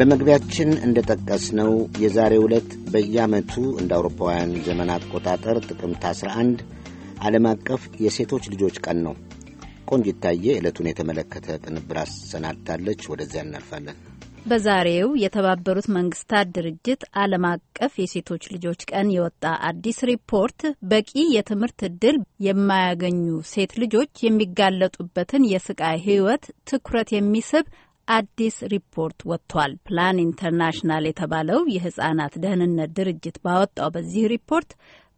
በመግቢያችን ነው የዛሬው ዕለት በየዓመቱ እንደ አውሮፓውያን ዘመን አቆጣጠር ጥቅምት 11 ዓለም አቀፍ የሴቶች ልጆች ቀን ነው። ቆንጅታዬ ዕለቱን የተመለከተ ቅንብር አሰናድታለች። ወደዚያ እናልፋለን። በዛሬው የተባበሩት መንግስታት ድርጅት ዓለም አቀፍ የሴቶች ልጆች ቀን የወጣ አዲስ ሪፖርት በቂ የትምህርት እድል የማያገኙ ሴት ልጆች የሚጋለጡበትን የስቃይ ህይወት ትኩረት የሚስብ አዲስ ሪፖርት ወጥቷል። ፕላን ኢንተርናሽናል የተባለው የህጻናት ደህንነት ድርጅት ባወጣው በዚህ ሪፖርት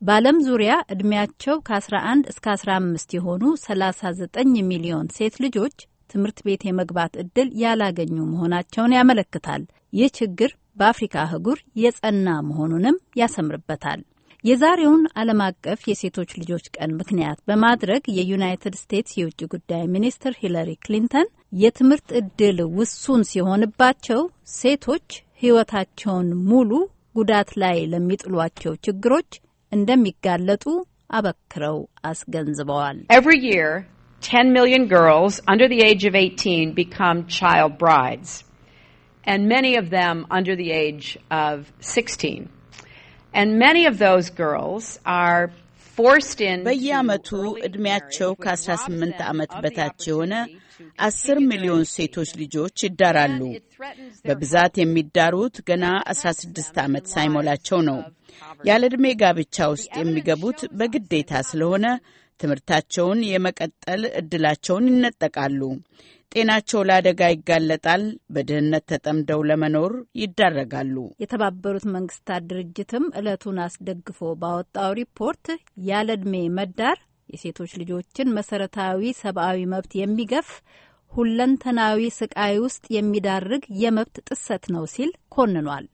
በዓለም ዙሪያ ዕድሜያቸው ከ11 እስከ 15 የሆኑ 39 ሚሊዮን ሴት ልጆች ትምህርት ቤት የመግባት እድል ያላገኙ መሆናቸውን ያመለክታል። ይህ ችግር በአፍሪካ አህጉር የጸና መሆኑንም ያሰምርበታል። የዛሬውን ዓለም አቀፍ የሴቶች ልጆች ቀን ምክንያት በማድረግ የዩናይትድ ስቴትስ የውጭ ጉዳይ ሚኒስትር ሂለሪ ክሊንተን የትምህርት ዕድል ውሱን ሲሆንባቸው ሴቶች ሕይወታቸውን ሙሉ ጉዳት ላይ ለሚጥሏቸው ችግሮች እንደሚጋለጡ አበክረው አስገንዝበዋል። Every year, 10 million girls under the age of 18 become child brides, and many of them under the age of 16. And many of those girls are በየዓመቱ ዕድሜያቸው ከ18 ዓመት በታች የሆነ 10 ሚሊዮን ሴቶች ልጆች ይዳራሉ። በብዛት የሚዳሩት ገና 16 ዓመት ሳይሞላቸው ነው። ያለ ዕድሜ ጋብቻ ውስጥ የሚገቡት በግዴታ ስለሆነ ትምህርታቸውን የመቀጠል እድላቸውን ይነጠቃሉ። ጤናቸው ለአደጋ ይጋለጣል። በድህነት ተጠምደው ለመኖር ይዳረጋሉ። የተባበሩት መንግስታት ድርጅትም እለቱን አስደግፎ ባወጣው ሪፖርት ያለ እድሜ መዳር የሴቶች ልጆችን መሰረታዊ ሰብአዊ መብት የሚገፍ ሁለንተናዊ ስቃይ ውስጥ የሚዳርግ የመብት ጥሰት ነው ሲል ኮንኗል።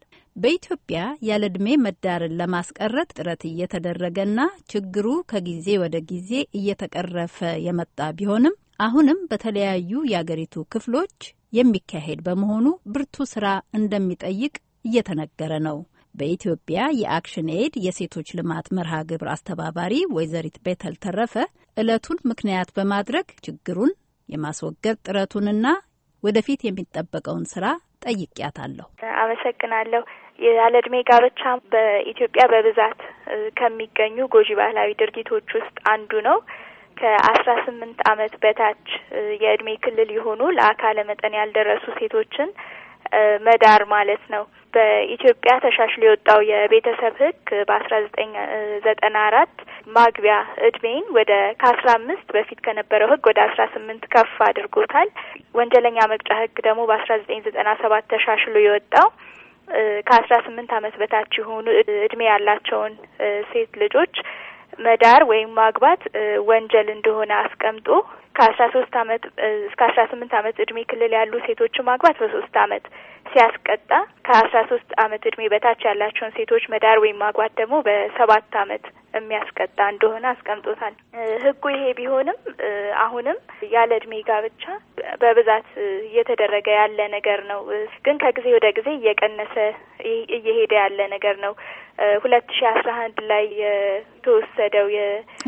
በኢትዮጵያ ያለዕድሜ መዳርን ለማስቀረት ጥረት እየተደረገና ችግሩ ከጊዜ ወደ ጊዜ እየተቀረፈ የመጣ ቢሆንም አሁንም በተለያዩ የአገሪቱ ክፍሎች የሚካሄድ በመሆኑ ብርቱ ስራ እንደሚጠይቅ እየተነገረ ነው። በኢትዮጵያ የአክሽን ኤድ የሴቶች ልማት መርሃ ግብር አስተባባሪ ወይዘሪት ቤተል ተረፈ ዕለቱን ምክንያት በማድረግ ችግሩን የማስወገድ ጥረቱንና ወደፊት የሚጠበቀውን ስራ ጠይቄያታለሁ። አመሰግናለሁ። ያለ እድሜ ጋብቻ በኢትዮጵያ በብዛት ከሚገኙ ጎጂ ባህላዊ ድርጊቶች ውስጥ አንዱ ነው። ከአስራ ስምንት አመት በታች የእድሜ ክልል የሆኑ ለአካለ መጠን ያልደረሱ ሴቶችን መዳር ማለት ነው። በኢትዮጵያ ተሻሽሎ የወጣው የቤተሰብ ህግ በአስራ ዘጠኝ ዘጠና አራት ማግቢያ እድሜን ወደ ከአስራ አምስት በፊት ከነበረው ህግ ወደ አስራ ስምንት ከፍ አድርጎታል። ወንጀለኛ መቅጫ ህግ ደግሞ በአስራ ዘጠኝ ዘጠና ሰባት ተሻሽሎ የወጣው ከአስራ ስምንት አመት በታች የሆኑ እድሜ ያላቸውን ሴት ልጆች መዳር ወይም ማግባት ወንጀል እንደሆነ አስቀምጦ ከአስራ ሶስት አመት እስከ አስራ ስምንት አመት እድሜ ክልል ያሉ ሴቶችን ማግባት በሶስት አመት ሲያስቀጣ ከአስራ ሶስት አመት እድሜ በታች ያላቸውን ሴቶች መዳር ወይም ማግባት ደግሞ በሰባት አመት የሚያስቀጣ እንደሆነ አስቀምጦታል ህጉ። ይሄ ቢሆንም አሁንም ያለ እድሜ ጋብቻ በብዛት እየተደረገ ያለ ነገር ነው። ግን ከጊዜ ወደ ጊዜ እየቀነሰ እየሄደ ያለ ነገር ነው። ሁለት ሺ አስራ አንድ ላይ የተወሰደው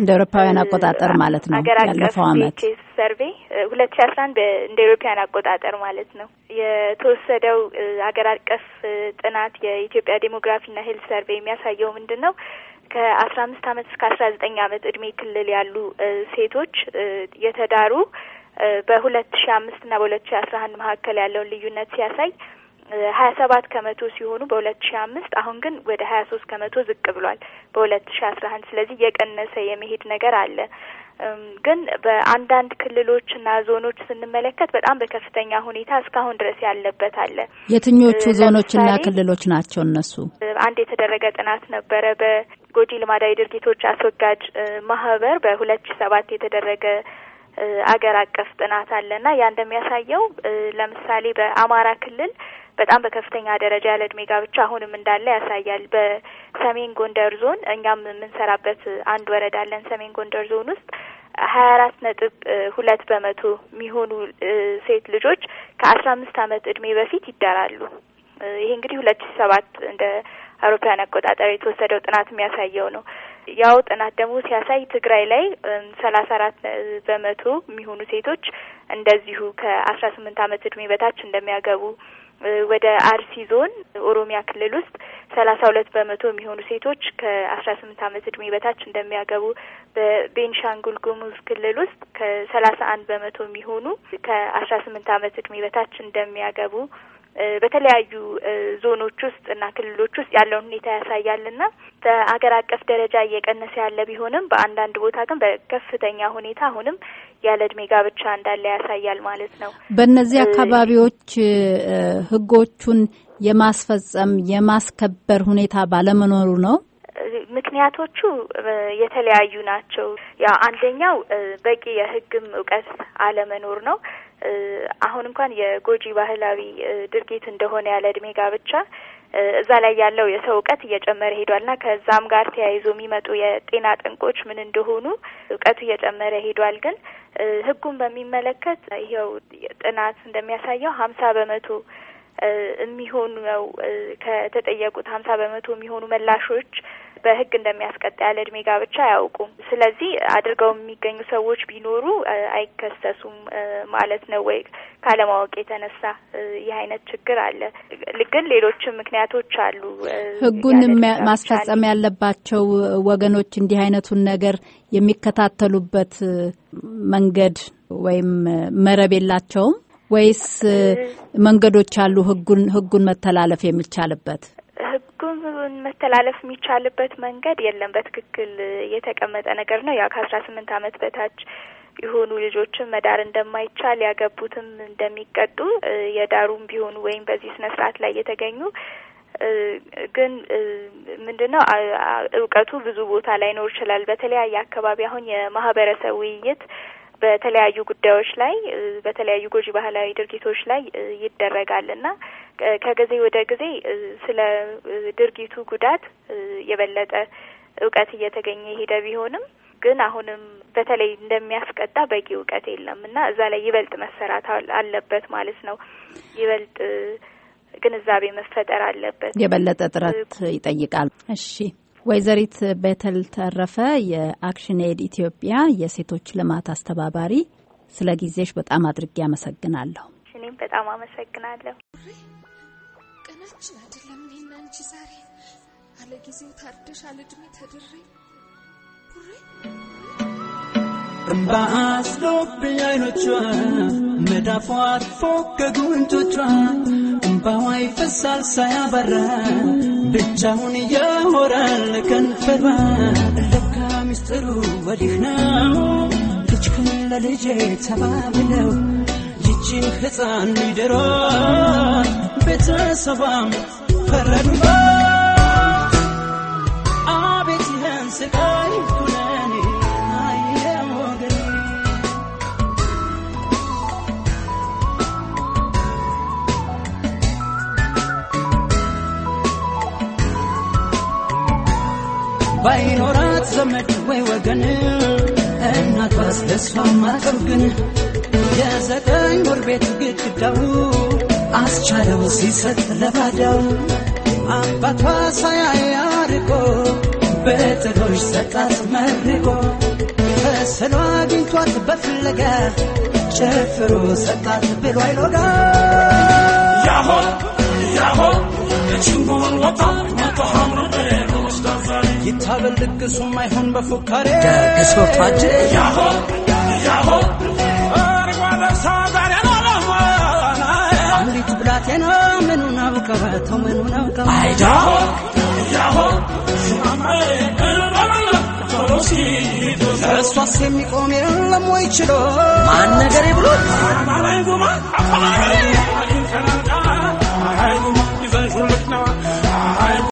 እንደ አውሮፓውያን አቆጣጠር ማለት ነው። ሀገር አቀፍ ቼስ ሰርቬ ሁለት ሺ አስራ አንድ እንደ አውሮፓውያን አቆጣጠር ማለት ነው የተወሰደው ሀገር አቀፍ ጥናት የኢትዮጵያ ዴሞግራፊና ሄልት ሰርቬ የሚያሳየው ምንድን ነው? ከአስራ አምስት አመት እስከ አስራ ዘጠኝ አመት እድሜ ክልል ያሉ ሴቶች የተዳሩ በሁለት ሺ አምስት ና በሁለት ሺ አስራ አንድ መካከል ያለውን ልዩነት ሲያሳይ ሀያ ሰባት ከመቶ ሲሆኑ በሁለት ሺ አምስት አሁን ግን ወደ ሀያ ሶስት ከመቶ ዝቅ ብሏል በሁለት ሺ አስራ አንድ ስለዚህ የቀነሰ የመሄድ ነገር አለ። ግን በአንዳንድ ክልሎች ና ዞኖች ስንመለከት በጣም በከፍተኛ ሁኔታ እስካሁን ድረስ ያለበት አለ። የትኞቹ ዞኖች ና ክልሎች ናቸው እነሱ? አንድ የተደረገ ጥናት ነበረ በጎጂ ልማዳዊ ድርጊቶች አስወጋጅ ማህበር በሁለት ሺ ሰባት የተደረገ አገር አቀፍ ጥናት አለና ያ እንደሚያሳየው ለምሳሌ በአማራ ክልል በጣም በከፍተኛ ደረጃ ያለ እድሜ ጋብቻ አሁንም እንዳለ ያሳያል። በሰሜን ጎንደር ዞን እኛም የምንሰራበት አንድ ወረዳ አለን። ሰሜን ጎንደር ዞን ውስጥ ሀያ አራት ነጥብ ሁለት በመቶ የሚሆኑ ሴት ልጆች ከአስራ አምስት አመት እድሜ በፊት ይዳራሉ። ይሄ እንግዲህ ሁለት ሺ ሰባት እንደ አውሮፓውያን አቆጣጠር የተወሰደው ጥናት የሚያሳየው ነው። ያው ጥናት ደግሞ ሲያሳይ ትግራይ ላይ ሰላሳ አራት በመቶ የሚሆኑ ሴቶች እንደዚሁ ከአስራ ስምንት አመት እድሜ በታች እንደሚያገቡ ወደ አርሲ ዞን ኦሮሚያ ክልል ውስጥ ሰላሳ ሁለት በመቶ የሚሆኑ ሴቶች ከአስራ ስምንት አመት እድሜ በታች እንደሚያገቡ በቤንሻንጉል ጉሙዝ ክልል ውስጥ ከሰላሳ አንድ በመቶ የሚሆኑ ከአስራ ስምንት አመት እድሜ በታች እንደሚያገቡ በተለያዩ ዞኖች ውስጥ እና ክልሎች ውስጥ ያለውን ሁኔታ ያሳያል እና በአገር አቀፍ ደረጃ እየቀነሰ ያለ ቢሆንም በአንዳንድ ቦታ ግን በከፍተኛ ሁኔታ አሁንም ያለ እድሜ ጋብቻ እንዳለ ያሳያል ማለት ነው። በእነዚህ አካባቢዎች ህጎቹን የማስፈጸም የማስከበር ሁኔታ ባለመኖሩ ነው ምክንያቶቹ የተለያዩ ናቸው። ያው አንደኛው በቂ የህግም እውቀት አለመኖር ነው። አሁን እንኳን የጎጂ ባህላዊ ድርጊት እንደሆነ ያለ እድሜ ጋብቻ እዛ ላይ ያለው የሰው እውቀት እየጨመረ ሄዷልና ከዛም ጋር ተያይዞ የሚመጡ የጤና ጠንቆች ምን እንደሆኑ እውቀቱ እየጨመረ ሄዷል። ግን ህጉን በሚመለከት ይኸው ጥናት እንደሚያሳየው ሀምሳ በመቶ የሚሆኑ ነው ከተጠየቁት ሀምሳ በመቶ የሚሆኑ መላሾች በህግ እንደሚያስቀጣ ያለ እድሜ ጋብቻ አያውቁም። ስለዚህ አድርገው የሚገኙ ሰዎች ቢኖሩ አይከሰሱም ማለት ነው ወይ? ካለማወቅ የተነሳ ይህ አይነት ችግር አለ። ግን ሌሎችም ምክንያቶች አሉ። ህጉን ማስፈጸም ያለባቸው ወገኖች እንዲህ አይነቱን ነገር የሚከታተሉበት መንገድ ወይም መረብ የላቸውም ወይስ መንገዶች አሉ? ህጉን ህጉን መተላለፍ የሚቻልበት ቃሉን መተላለፍ የሚቻልበት መንገድ የለም። በትክክል የተቀመጠ ነገር ነው። ያው ከአስራ ስምንት አመት በታች የሆኑ ልጆችን መዳር እንደማይቻል ያገቡትም እንደሚቀጡ የዳሩም ቢሆኑ ወይም በዚህ ስነ ስርዓት ላይ የተገኙ ግን ምንድን ነው እውቀቱ ብዙ ቦታ ላይኖር ይችላል። በተለያየ አካባቢ አሁን የማህበረሰብ ውይይት በተለያዩ ጉዳዮች ላይ በተለያዩ ጎጂ ባህላዊ ድርጊቶች ላይ ይደረጋል እና ከጊዜ ወደ ጊዜ ስለ ድርጊቱ ጉዳት የበለጠ እውቀት እየተገኘ ይሄደ ቢሆንም ግን አሁንም በተለይ እንደሚያስቀጣ በቂ እውቀት የለም እና እዛ ላይ ይበልጥ መሰራት አለበት ማለት ነው። ይበልጥ ግንዛቤ መፈጠር አለበት። የበለጠ ጥረት ይጠይቃል። እሺ። ወይዘሪት ቤተል ተረፈ የአክሽን ኤድ ኢትዮጵያ የሴቶች ልማት አስተባባሪ፣ ስለ ጊዜሽ በጣም አድርጌ አመሰግናለሁ። እኔም በጣም አመሰግናለሁ። ተጣላችን አይደለም? እኔና አንቺ ዛሬ አለ ጊዜው ታርደሽ አለ እድሜ ተድሬ ቡሬ እምባ አይኖቿ መዳፏ አርፎ ከጉንጮቿ እምባዋ ይፈሳል ሳያበራ ብቻውን እያወራል ከንፈሯ ለካ ሚስጥሩ ወዲህ ነው ልጅ ከለልጄ ተባብለው ይችን ሕፃን ሊደሯ ቤተሰባም ፈረዱባ አቤት ይህን ስቃይ ሁነኔ አየ ወገን ባይኖራት ዘመድ ወይ ወገን ማግባት ለሷ ማቀብ ግን የዘጠኝ ወር ቤት ግድግዳው አስቻለው ሲሰጥ ለባዳው አባቷ ሳያይ አርቆ በጥሎሽ ሰጣት መርቆ ተስሏ አግኝቷት በፍለጋ ጨፍሮ ሰጣት ብሎ አይሎዳ ያሆ ያሆ እችንቡን ወጣ ወጣ ሐምሩዳ መታበል ልግሱም አይሆን በፉካሬ ደግሶታችን ያሆ ያሆ አምሊቱ ብላቴና ምኑን አውቀበተው ምኑን አውቀበ አይዳሆ ያሆ እሷስ የሚቆም የለም ወይ ችሎ ማን ነገሬ ብሎት